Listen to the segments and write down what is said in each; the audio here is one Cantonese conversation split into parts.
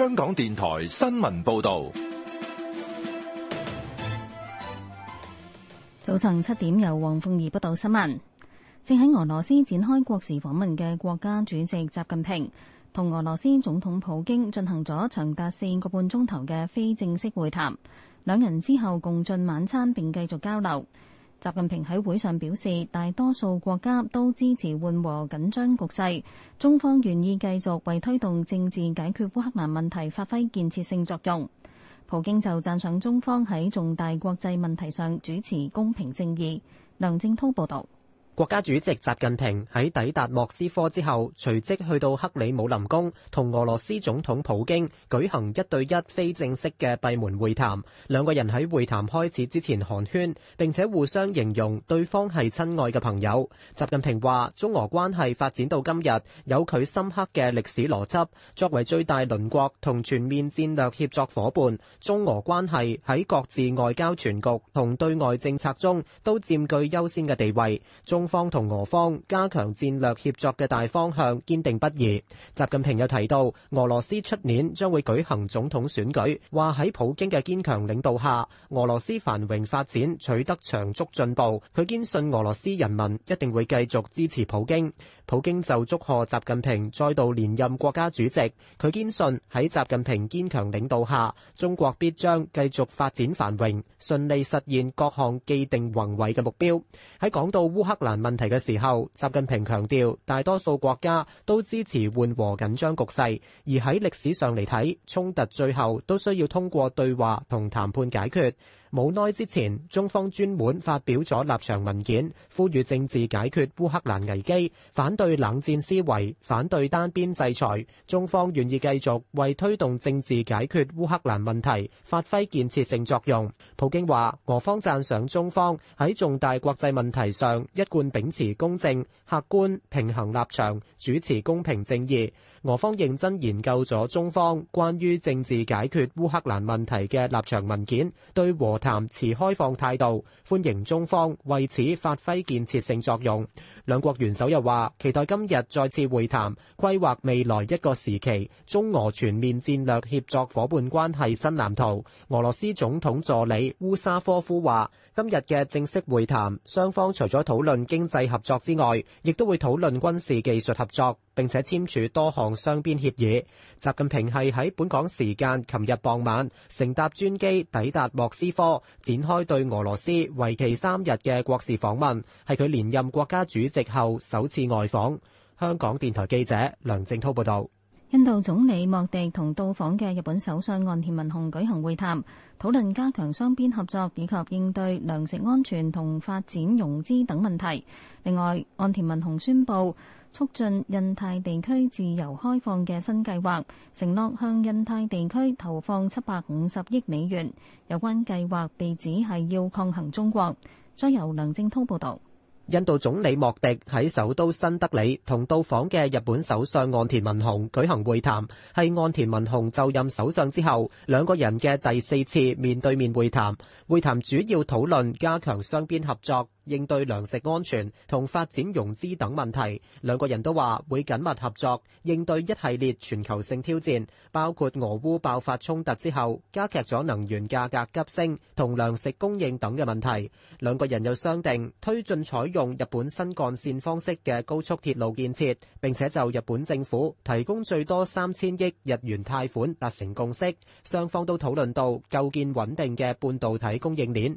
香港電台新聞報道，早上七點，由黃鳳儀報道新聞。正喺俄羅斯展開國事訪問嘅國家主席習近平，同俄羅斯總統普京進行咗長達四個半鐘頭嘅非正式會談，兩人之後共進晚餐，並繼續交流。習近平喺會上表示，大多數國家都支持緩和緊張局勢，中方願意繼續為推動政治解決烏克蘭問題發揮建設性作用。普京就讚賞中方喺重大國際問題上主持公平正義。梁正濤報道。國家主席習近平喺抵達莫斯科之後，隨即去到克里姆林宮，同俄羅斯總統普京舉行一對一非正式嘅閉門會談。兩個人喺會談開始之前寒暄，並且互相形容對方係親愛嘅朋友。習近平話：中俄關係發展到今日，有佢深刻嘅歷史邏輯。作為最大鄰國同全面戰略協作夥伴，中俄關係喺各自外交全局同對外政策中都佔據優先嘅地位。中方同俄方加強戰略協作嘅大方向堅定不移。習近平又提到，俄羅斯出年將會舉行總統選舉，話喺普京嘅堅強領導下，俄羅斯繁榮發展取得長足進步。佢堅信俄羅斯人民一定會繼續支持普京。普京就祝賀習近平再度連任國家主席，佢堅信喺習近平堅強領導下，中國必將繼續發展繁榮，順利實現各項既定宏偉嘅目標。喺講到烏克蘭問題嘅時候，習近平強調，大多數國家都支持緩和緊張局勢，而喺歷史上嚟睇，衝突最後都需要通過對話同談判解決。冇耐之前，中方專門發表咗立場文件，呼籲政治解決烏克蘭危機，反對冷戰思維，反對單邊制裁。中方願意繼續為推動政治解決烏克蘭問題發揮建設性作用。普京話，俄方贊賞中方喺重大國際問題上一貫秉持公正、客觀、平衡立場，主持公平正義。俄方認真研究咗中方關於政治解決烏克蘭問題嘅立場文件，對和談持開放態度，歡迎中方為此發揮建設性作用。兩國元首又話，期待今日再次會談，規劃未來一個時期中俄全面戰略協作夥伴關係新藍圖。俄羅斯總統助理烏沙科夫話：今日嘅正式會談，雙方除咗討論經濟合作之外，亦都會討論軍事技術合作。並且簽署多項雙邊協議。習近平係喺本港時間琴日傍晚乘搭專機抵達莫斯科，展開對俄羅斯為期三日嘅國事訪問，係佢連任國家主席後首次外訪。香港電台記者梁正濤報道。印度總理莫迪同到訪嘅日本首相岸田文雄舉行會談，討論加強雙邊合作以及應對糧食安全同發展融資等問題。另外，岸田文雄宣布。促進印太地區自由開放嘅新計劃，承諾向印太地區投放七百五十億美元。有關計劃被指係要抗衡中國。再由梁正濤報導。印度總理莫迪喺首都新德里同到訪嘅日本首相岸田文雄舉行會談，係岸田文雄就任首相之後兩個人嘅第四次面對面會談。會談主要討論加強雙邊合作，應對糧食安全同發展融資等問題，兩個人都話會緊密合作，應對一系列全球性挑戰，包括俄烏爆發衝突之後，加劇咗能源價格急升同糧食供應等嘅問題。兩個人又商定，推進採用日本新幹線方式嘅高速鐵路建設，並且就日本政府提供最多三千億日元貸款達成共識。雙方都討論到構建穩定嘅半導體供應鏈。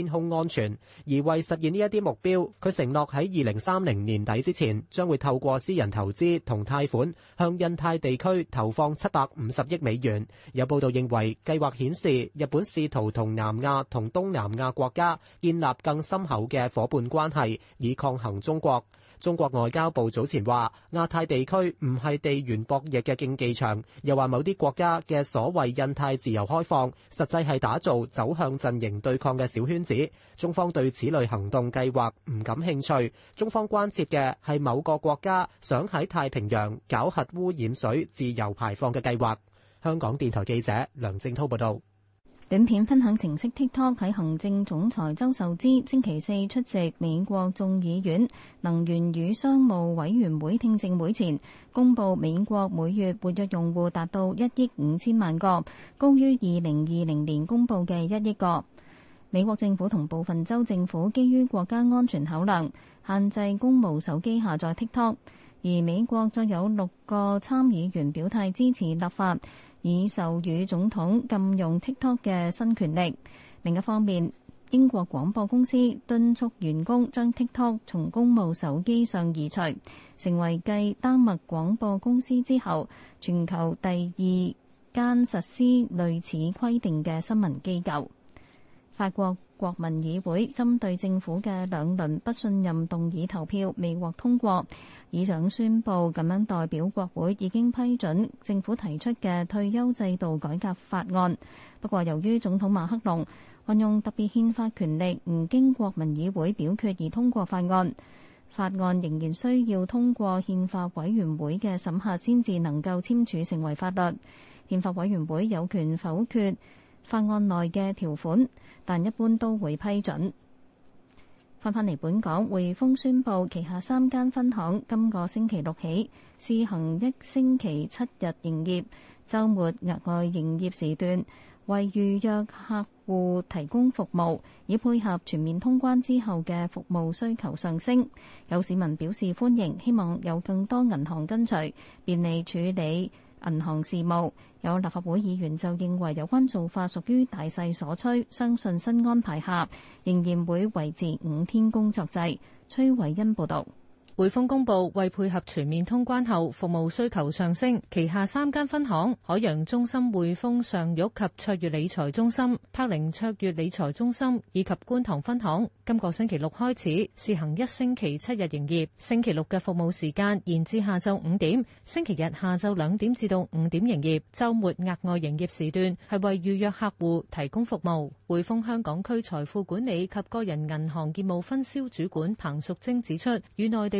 天空安全，而為實現呢一啲目標，佢承諾喺二零三零年底之前，將會透過私人投資同貸款向印太地區投放七百五十億美元。有報道認為，計劃顯示日本試圖同南亞同東南亞國家建立更深厚嘅伙伴關係，以抗衡中國。中國外交部早前話亞太地區唔係地緣博弈嘅競技場，又話某啲國家嘅所謂印太自由開放，實際係打造走向陣營對抗嘅小圈子。中方對此類行動計劃唔感興趣，中方關切嘅係某個國家想喺太平洋搞核污染水自由排放嘅計劃。香港電台記者梁正濤報道。短片分享程式 TikTok 喺行政總裁周受資星期四出席美國眾議院能源與商務委員會聽證會前，公布美國每月活躍用戶達到一億五千萬個，高於二零二零年公布嘅一億個。美國政府同部分州政府基於國家安全考量，限制公務手機下載 TikTok，ok、而美國再有六個參議員表態支持立法。已授予總統禁用 TikTok 嘅新權力。另一方面，英國廣播公司敦促員工將 TikTok 從公務手機上移除，成為繼丹麥廣播公司之後，全球第二間實施類似規定嘅新聞機構。法國國民議會針對政府嘅兩輪不信任動議投票未獲通過，議長宣布咁樣代表國會已經批准政府提出嘅退休制度改革法案。不過由於總統馬克龍運用特別憲法權力，唔經國民議會表決而通過法案，法案仍然需要通過憲法委員會嘅審核先至能夠簽署成為法律。憲法委員會有權否決。法案內嘅條款，但一般都會批准。翻返嚟本港，匯豐宣布旗下三間分行今個星期六起試行一星期七日營業，週末額外營業時段，為預約客戶提供服務，以配合全面通關之後嘅服務需求上升。有市民表示歡迎，希望有更多銀行跟隨，便利處理銀行事務，有立法會議員就認為有關做法屬於大勢所趨，相信新安排下仍然會維持五天工作制。崔慧恩報道。匯豐公布，為配合全面通關後服務需求上升，旗下三間分行海洋中心、匯豐上玉及卓越理財中心、柏林卓越理財中心以及觀塘分行，今個星期六開始試行一星期七日營業，星期六嘅服務時間延至下晝五點，星期日下晝兩點至到五點營業，周末額外營業時段係為預約客戶提供服務。匯豐香港區財富管理及個人銀行業務分銷主管彭淑貞指出，與內地。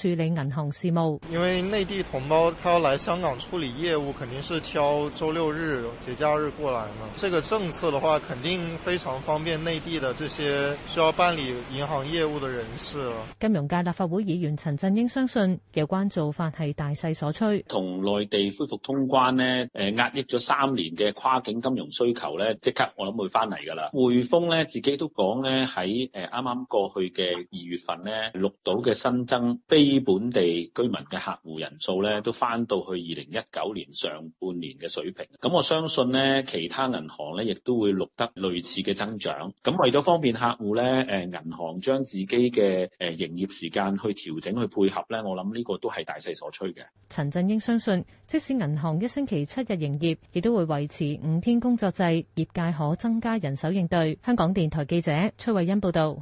處理銀行事務，因為內地同胞他要來香港處理業務，肯定是挑周六日節假日過來嘛。這個政策的話，肯定非常方便內地的這些需要辦理銀行業務的人士。金融界立法會議員陳振英相信，有關做法係大勢所趨。同內地恢復通關呢，誒壓抑咗三年嘅跨境金融需求呢，即刻我諗會翻嚟噶啦。匯豐呢，自己都講呢，喺誒啱啱過去嘅二月份呢，錄到嘅新增本地居民嘅客戶人數咧都返到去二零一九年上半年嘅水平，咁我相信呢，其他銀行咧亦都會錄得類似嘅增長。咁為咗方便客戶咧，誒銀行將自己嘅誒營業時間去調整去配合咧，我諗呢個都係大勢所趨嘅。陳振英相信，信，即使銀行一星期七日營業，亦都會維持五天工作制，業界可增加人手應對。香港電台記者崔慧欣報道。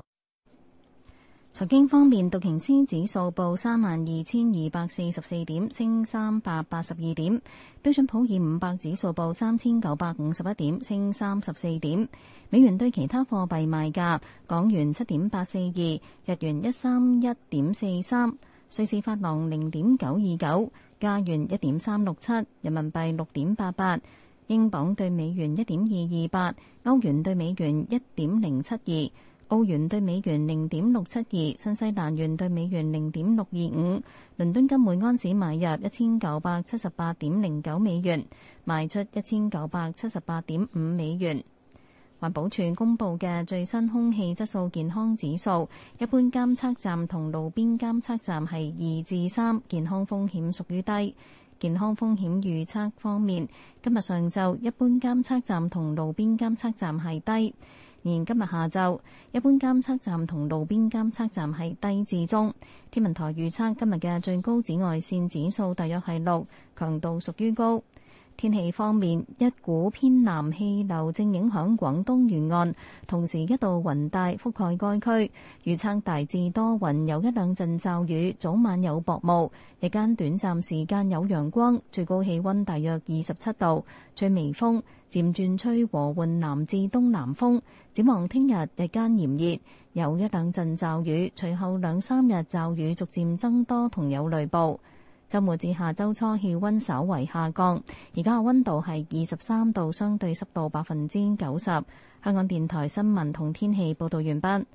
財經方面，道瓊斯指數報三萬二千二百四十四點，升三百八十二點；標準普爾五百指數報三千九百五十一點，升三十四點。美元對其他貨幣賣價：港元七點八四二，日元一三一點四三，瑞士法郎零點九二九，加元一點三六七，人民幣六點八八，英鎊對美元一點二二八，歐元對美元一點零七二。澳元兌美元零點六七二，新西蘭元兌美元零點六二五，倫敦金每安士買入一千九百七十八點零九美元，賣出一千九百七十八點五美元。環保署公布嘅最新空氣質素健康指數，一般監測站同路邊監測站係二至三，健康風險屬於低。健康風險預測方面，今日上晝一般監測站同路邊監測站係低。而今日下晝，一般監測站同路邊監測站係低至中。天文台預測今日嘅最高紫外線指數大約係六，強度屬於高。天氣方面，一股偏南氣流正影響廣東沿岸，同時一道雲帶覆蓋該區，預測大致多雲有一兩陣驟雨，早晚有薄霧，日間短暫時間有陽光，最高氣溫大約二十七度，吹微風漸轉吹和緩南至東南風，展望聽日日間炎熱有一兩陣驟雨，隨後兩三日驟雨逐漸增多同有雷暴。週末至下週初氣溫稍為下降，而家嘅溫度係二十三度，相對濕度百分之九十。香港電台新聞同天氣報道完畢。